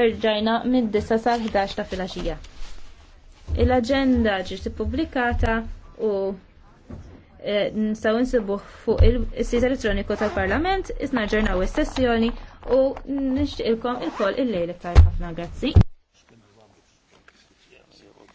erġajna mid-9 sal-11 ta' filgħaxija. Il-aġenda ġiet ippubblikata u e, nistgħu nsibuh fuq il-sit elettroniku tal-Parlament, isna ġernaw is-sessjoni u il ilkoll il-lejl iktar ħafna grazzi.